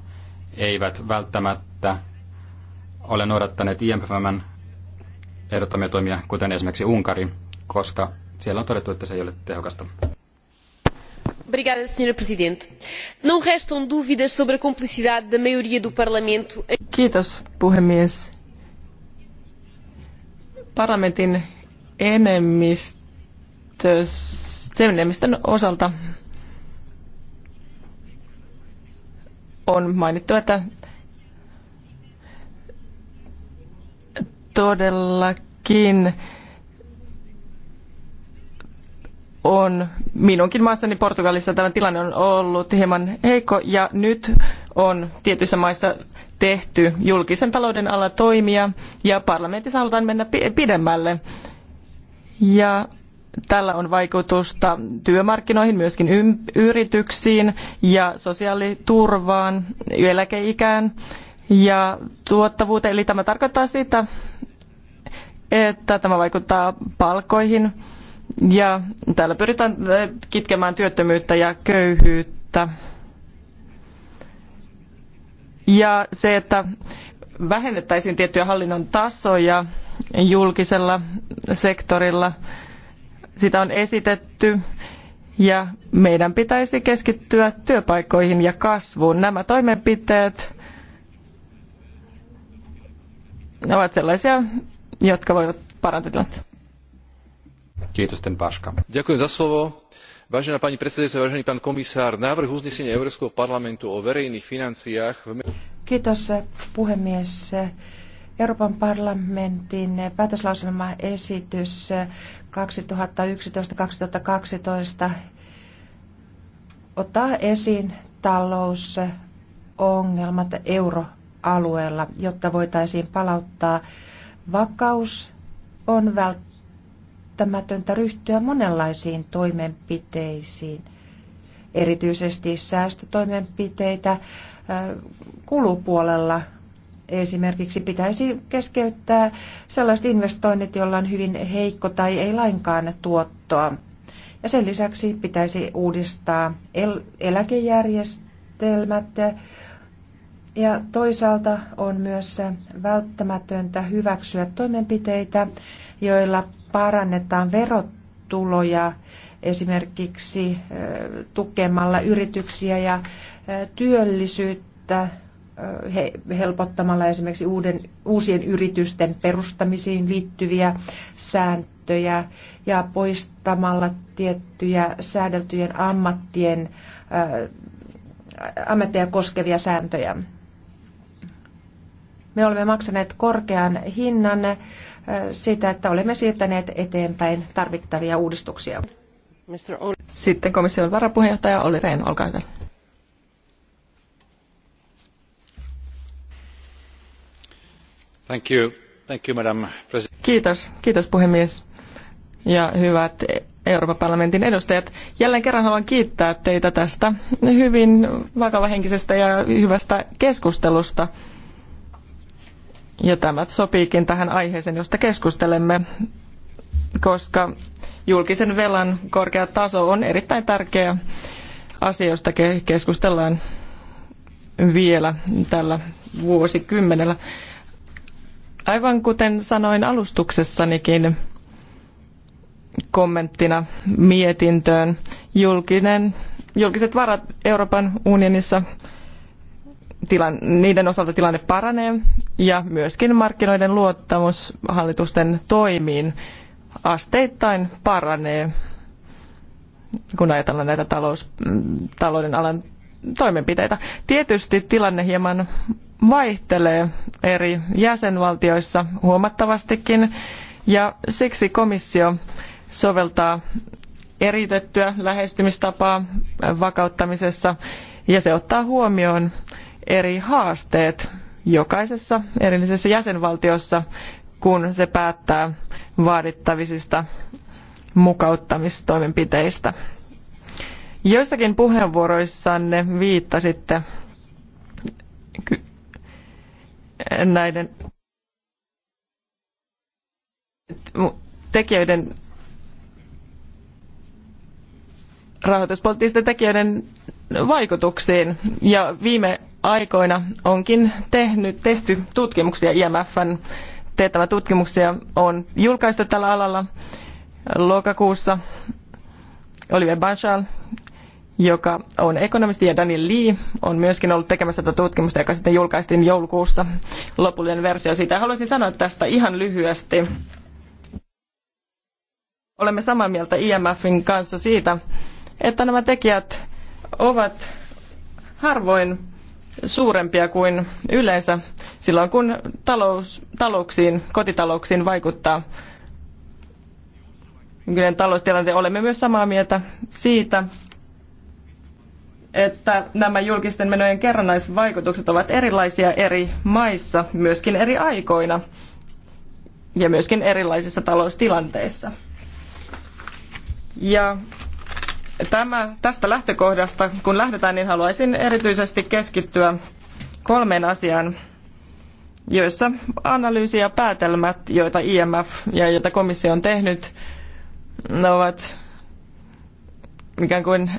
eivät välttämättä ole noudattaneet IMFn ehdottamia toimia, kuten esimerkiksi Unkari, koska siellä on todettu, että se ei ole tehokasta. Obrigada, Sra. Presidente. Não restam dúvidas sobre a cumplicidade da maioria do Parlamento. Kiitos, puhemies. Parlamentin enemmistön osalta on mainittu, että todellakin on minunkin maassani Portugalissa tämä tilanne on ollut hieman heikko ja nyt on tietyissä maissa tehty julkisen talouden alla toimia ja parlamentissa halutaan mennä pidemmälle. Ja tällä on vaikutusta työmarkkinoihin, myöskin yrityksiin ja sosiaaliturvaan, eläkeikään ja tuottavuuteen. Eli tämä tarkoittaa sitä, että tämä vaikuttaa palkkoihin ja täällä pyritään eh, kitkemään työttömyyttä ja köyhyyttä. Ja se, että vähennettäisiin tiettyjä hallinnon tasoja julkisella sektorilla – sitä on esitetty ja meidän pitäisi keskittyä työpaikkoihin ja kasvuun. Nämä toimenpiteet ovat sellaisia, jotka voivat parantaa tilannetta. Kiitos, ten Paška. Ďakujem za slovo. Vážená pani predsedajúca, vážený pán komisár, návrh uznesenia Európskeho parlamentu o verejných financiách... Kiitos, puhemies. Euroopan parlamentin päätöslauselmaesitys 2011-2012 ottaa esiin talousongelmat euroalueella, jotta voitaisiin palauttaa vakaus on välttämätöntä ryhtyä monenlaisiin toimenpiteisiin, erityisesti säästötoimenpiteitä kulupuolella esimerkiksi pitäisi keskeyttää sellaiset investoinnit, joilla on hyvin heikko tai ei lainkaan tuottoa. Ja sen lisäksi pitäisi uudistaa el- eläkejärjestelmät. Ja toisaalta on myös välttämätöntä hyväksyä toimenpiteitä, joilla parannetaan verotuloja esimerkiksi tukemalla yrityksiä ja työllisyyttä helpottamalla esimerkiksi uuden, uusien yritysten perustamisiin liittyviä sääntöjä ja poistamalla tiettyjä säädeltyjen ammattien, ammatteja koskevia sääntöjä. Me olemme maksaneet korkean hinnan sitä, että olemme siirtäneet eteenpäin tarvittavia uudistuksia. Sitten komission varapuheenjohtaja Olli Rehn, olkaa hyvä. arvoisa Kiitos, kiitos puhemies ja hyvät Euroopan parlamentin edustajat. Jälleen kerran haluan kiittää teitä tästä hyvin vakavahenkisestä ja hyvästä keskustelusta. Ja tämä sopiikin tähän aiheeseen, josta keskustelemme, koska julkisen velan korkea taso on erittäin tärkeä asia, josta keskustellaan vielä tällä vuosikymmenellä. Aivan kuten sanoin alustuksessanikin kommenttina mietintöön, julkinen, julkiset varat Euroopan unionissa tilan, niiden osalta tilanne paranee ja myöskin markkinoiden luottamus hallitusten toimiin asteittain paranee, kun ajatellaan näitä talous, talouden alan toimenpiteitä. Tietysti tilanne hieman vaihtelee eri jäsenvaltioissa huomattavastikin ja siksi komissio soveltaa eriytettyä lähestymistapaa vakauttamisessa ja se ottaa huomioon eri haasteet jokaisessa erillisessä jäsenvaltiossa, kun se päättää vaadittavisista mukauttamistoimenpiteistä. Joissakin puheenvuoroissanne viittasitte näiden tekijöiden rahoituspoliittisten tekijöiden vaikutuksiin. Ja viime aikoina onkin tehnyt, tehty tutkimuksia IMFn teettämä tutkimuksia on julkaistu tällä alalla. Lokakuussa Olivier Banchal joka on ekonomisti ja Daniel Lee on myöskin ollut tekemässä tätä tutkimusta, joka sitten julkaistiin joulukuussa lopullinen versio siitä. Haluaisin sanoa tästä ihan lyhyesti. Olemme samaa mieltä IMFin kanssa siitä, että nämä tekijät ovat harvoin suurempia kuin yleensä silloin, kun talous, talouksiin, kotitalouksiin vaikuttaa nykyinen taloustilanteen. Olemme myös samaa mieltä siitä, että nämä julkisten menojen kerrannaisvaikutukset ovat erilaisia eri maissa, myöskin eri aikoina ja myöskin erilaisissa taloustilanteissa. Ja tämä, tästä lähtökohdasta, kun lähdetään, niin haluaisin erityisesti keskittyä kolmeen asiaan, joissa analyysi ja päätelmät, joita IMF ja joita komissio on tehnyt, ne ovat ikään kuin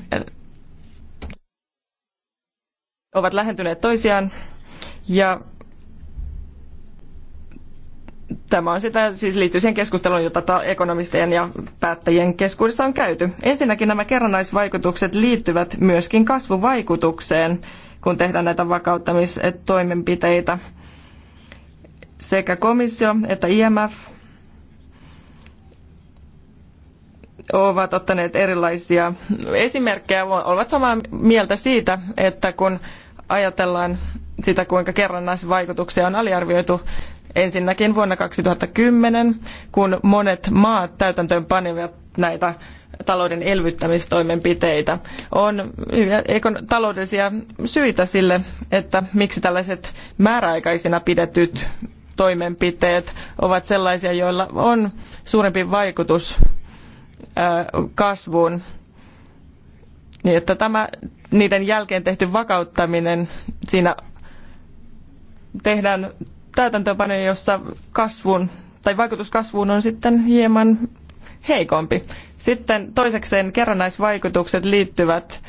ovat lähentyneet toisiaan ja tämä on sitä, siis liittyy siihen keskusteluun, jota ekonomistien ja päättäjien keskuudessa on käyty. Ensinnäkin nämä kerrannaisvaikutukset liittyvät myöskin kasvuvaikutukseen, kun tehdään näitä vakauttamistoimenpiteitä. Sekä komissio että IMF ovat ottaneet erilaisia esimerkkejä, ovat samaa mieltä siitä, että kun ajatellaan sitä, kuinka kerrannaisvaikutuksia on aliarvioitu ensinnäkin vuonna 2010, kun monet maat täytäntöön panivat näitä talouden elvyttämistoimenpiteitä. On hyviä taloudellisia syitä sille, että miksi tällaiset määräaikaisina pidetyt toimenpiteet ovat sellaisia, joilla on suurempi vaikutus kasvuun niin että tämä niiden jälkeen tehty vakauttaminen, siinä tehdään täytäntöpane, jossa kasvun tai vaikutus kasvuun on sitten hieman heikompi. Sitten toisekseen kerrannaisvaikutukset liittyvät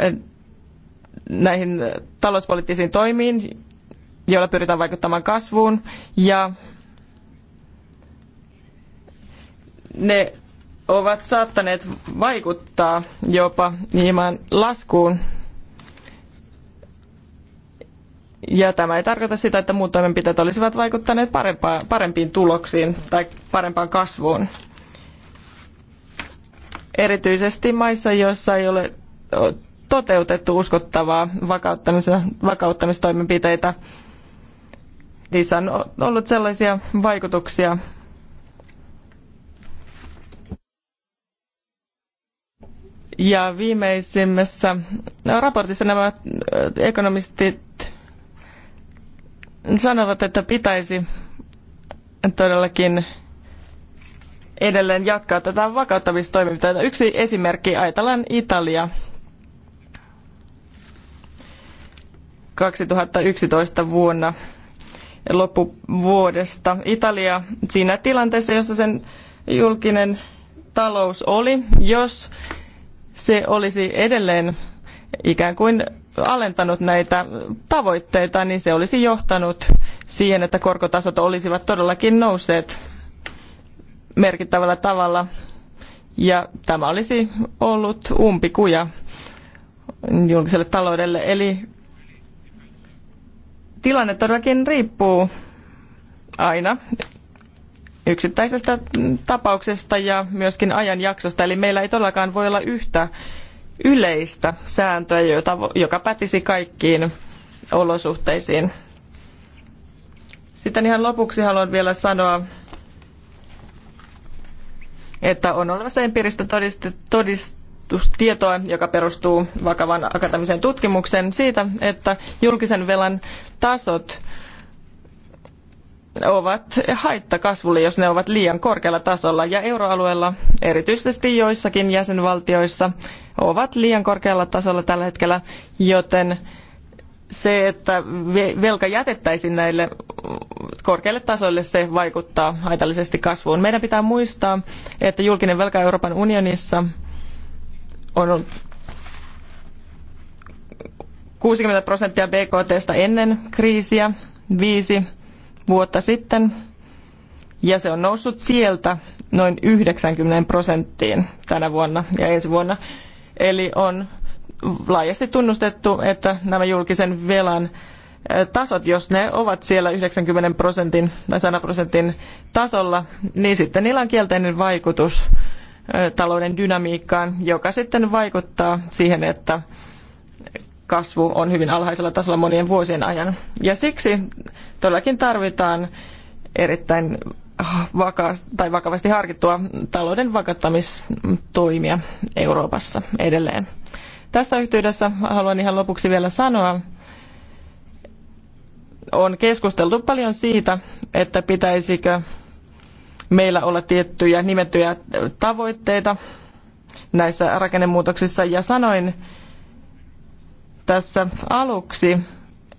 eh, näihin talouspoliittisiin toimiin, joilla pyritään vaikuttamaan kasvuun ja ne ovat saattaneet vaikuttaa jopa hieman laskuun. Ja tämä ei tarkoita sitä, että muut toimenpiteet olisivat vaikuttaneet parempiin tuloksiin tai parempaan kasvuun. Erityisesti maissa, joissa ei ole toteutettu uskottavaa vakauttamistoimenpiteitä, niissä on ollut sellaisia vaikutuksia, Ja viimeisimmässä raportissa nämä äh, ekonomistit sanovat, että pitäisi todellakin edelleen jatkaa tätä vakauttamistoimintaa. Yksi esimerkki, ajatellaan Italia 2011 vuonna loppuvuodesta. Italia siinä tilanteessa, jossa sen julkinen talous oli, jos se olisi edelleen ikään kuin alentanut näitä tavoitteita, niin se olisi johtanut siihen, että korkotasot olisivat todellakin nousseet merkittävällä tavalla. Ja tämä olisi ollut umpikuja julkiselle taloudelle. Eli tilanne todellakin riippuu aina yksittäisestä tapauksesta ja myöskin ajanjaksosta. Eli meillä ei todellakaan voi olla yhtä yleistä sääntöä, jota, joka pätisi kaikkiin olosuhteisiin. Sitten ihan lopuksi haluan vielä sanoa, että on olemassa empiiristä todistustietoa, joka perustuu vakavan akateemiseen tutkimukseen siitä, että julkisen velan tasot ovat haitta kasvulle, jos ne ovat liian korkealla tasolla. Ja euroalueella, erityisesti joissakin jäsenvaltioissa, ovat liian korkealla tasolla tällä hetkellä, joten se, että velka jätettäisiin näille korkeille tasoille, se vaikuttaa haitallisesti kasvuun. Meidän pitää muistaa, että julkinen velka Euroopan unionissa on 60 prosenttia BKTstä ennen kriisiä, 5 vuotta sitten, ja se on noussut sieltä noin 90 prosenttiin tänä vuonna ja ensi vuonna. Eli on laajasti tunnustettu, että nämä julkisen velan tasot, jos ne ovat siellä 90 prosentin tai 100 prosentin tasolla, niin sitten niillä on kielteinen vaikutus talouden dynamiikkaan, joka sitten vaikuttaa siihen, että kasvu on hyvin alhaisella tasolla monien vuosien ajan. Ja siksi todellakin tarvitaan erittäin vaka- tai vakavasti harkittua talouden vakattamistoimia Euroopassa edelleen. Tässä yhteydessä haluan ihan lopuksi vielä sanoa, on keskusteltu paljon siitä, että pitäisikö meillä olla tiettyjä nimettyjä tavoitteita näissä rakennemuutoksissa ja sanoin, tässä aluksi,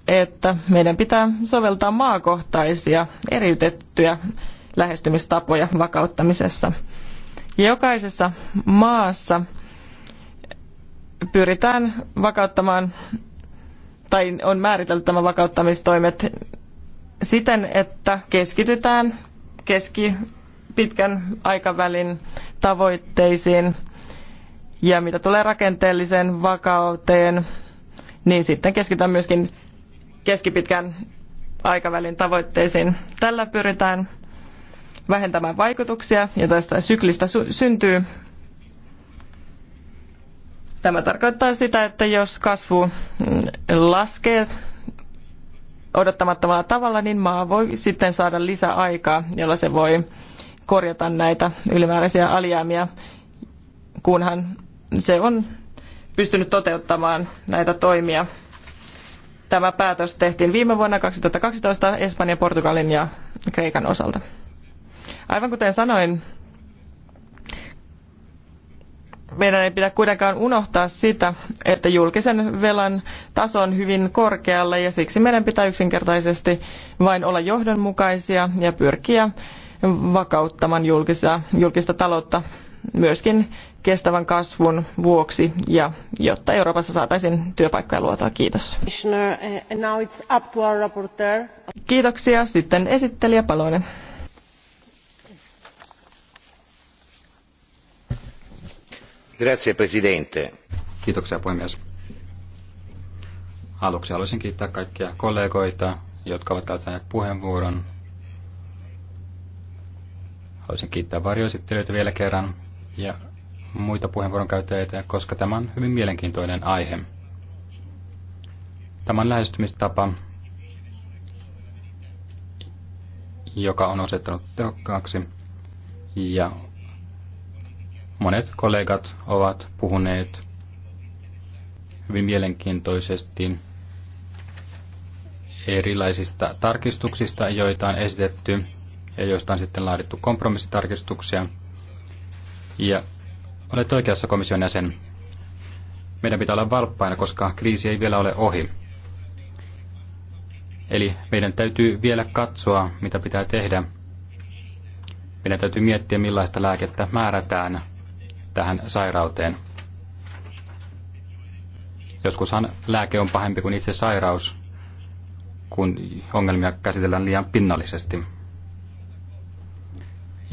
että meidän pitää soveltaa maakohtaisia eriytettyjä lähestymistapoja vakauttamisessa. Jokaisessa maassa pyritään vakauttamaan tai on määritelty tämä vakauttamistoimet siten, että keskitytään keski pitkän aikavälin tavoitteisiin ja mitä tulee rakenteelliseen vakauteen, niin sitten keskitytään myöskin keskipitkän aikavälin tavoitteisiin. Tällä pyritään vähentämään vaikutuksia ja tästä syklistä syntyy. Tämä tarkoittaa sitä, että jos kasvu mm, laskee odottamattomalla tavalla, niin maa voi sitten saada lisäaikaa, jolla se voi korjata näitä ylimääräisiä alijäämiä, kunhan se on pystynyt toteuttamaan näitä toimia. Tämä päätös tehtiin viime vuonna 2012 Espanjan, Portugalin ja Kreikan osalta. Aivan kuten sanoin, meidän ei pidä kuitenkaan unohtaa sitä, että julkisen velan taso on hyvin korkealla ja siksi meidän pitää yksinkertaisesti vain olla johdonmukaisia ja pyrkiä vakauttamaan julkista, julkista taloutta myöskin kestävän kasvun vuoksi ja jotta Euroopassa saataisiin työpaikkoja luotua. Kiitos. Eh, Kiitoksia. Sitten esittelijä Paloinen. Grazie, presidente. Kiitoksia puhemies. Aluksi haluaisin kiittää kaikkia kollegoita, jotka ovat käyttäneet puheenvuoron. Haluaisin kiittää varjoesittelijöitä vielä kerran ja muita puheenvuoron käyttäjiä, koska tämä on hyvin mielenkiintoinen aihe. Tämän lähestymistapa, joka on osoittanut tehokkaaksi, ja monet kollegat ovat puhuneet hyvin mielenkiintoisesti erilaisista tarkistuksista, joita on esitetty ja joista on sitten laadittu kompromissitarkistuksia – ja olet oikeassa komission jäsen. Meidän pitää olla valppaina, koska kriisi ei vielä ole ohi. Eli meidän täytyy vielä katsoa, mitä pitää tehdä. Meidän täytyy miettiä, millaista lääkettä määrätään tähän sairauteen. Joskushan lääke on pahempi kuin itse sairaus, kun ongelmia käsitellään liian pinnallisesti.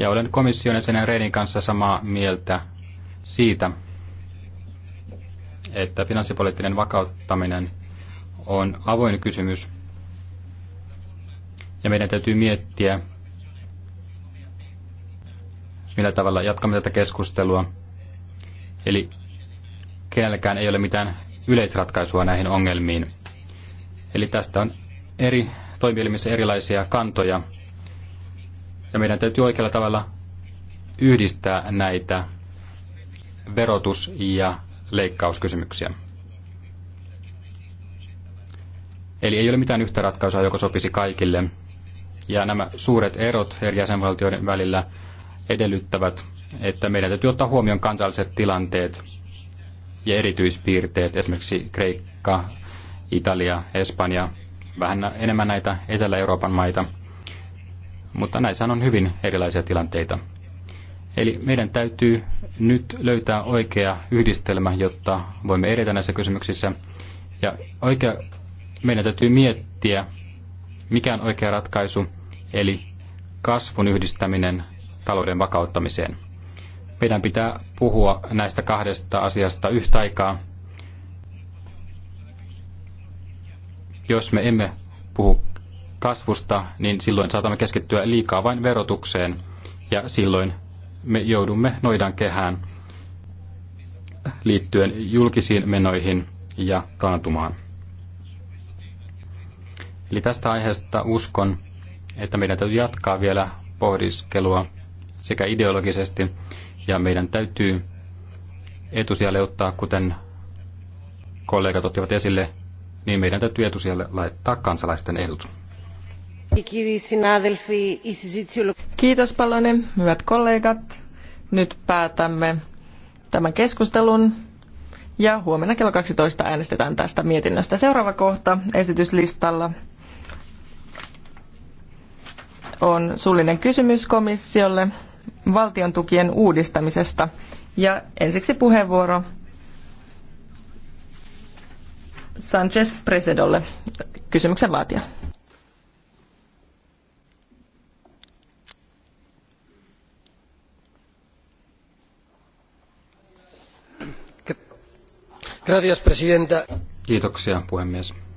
Ja olen komission jäsenen Reinin kanssa samaa mieltä siitä, että finanssipoliittinen vakauttaminen on avoin kysymys. Ja meidän täytyy miettiä, millä tavalla jatkamme tätä keskustelua. Eli kenelläkään ei ole mitään yleisratkaisua näihin ongelmiin. Eli tästä on eri toimielimissä erilaisia kantoja. Ja meidän täytyy oikealla tavalla yhdistää näitä verotus- ja leikkauskysymyksiä. Eli ei ole mitään yhtä ratkaisua, joka sopisi kaikille. Ja nämä suuret erot eri jäsenvaltioiden välillä edellyttävät, että meidän täytyy ottaa huomioon kansalliset tilanteet ja erityispiirteet, esimerkiksi Kreikka, Italia, Espanja, vähän enemmän näitä Etelä-Euroopan maita – mutta näissä on hyvin erilaisia tilanteita. Eli meidän täytyy nyt löytää oikea yhdistelmä, jotta voimme edetä näissä kysymyksissä. Ja oikea, meidän täytyy miettiä, mikä on oikea ratkaisu, eli kasvun yhdistäminen talouden vakauttamiseen. Meidän pitää puhua näistä kahdesta asiasta yhtä aikaa. Jos me emme puhu kasvusta, niin silloin saatamme keskittyä liikaa vain verotukseen ja silloin me joudumme noidan kehään liittyen julkisiin menoihin ja taantumaan. Eli tästä aiheesta uskon, että meidän täytyy jatkaa vielä pohdiskelua sekä ideologisesti ja meidän täytyy etusijalle ottaa, kuten kollegat ottivat esille, niin meidän täytyy etusijalle laittaa kansalaisten edut. Kiitos paljon, hyvät kollegat. Nyt päätämme tämän keskustelun ja huomenna kello 12 äänestetään tästä mietinnöstä. Seuraava kohta esityslistalla on suullinen kysymys komissiolle valtion tukien uudistamisesta. Ja ensiksi puheenvuoro Sanchez Presedolle, kysymyksen laatija. Gracias, presidenta. Kiitoksia, puhemies.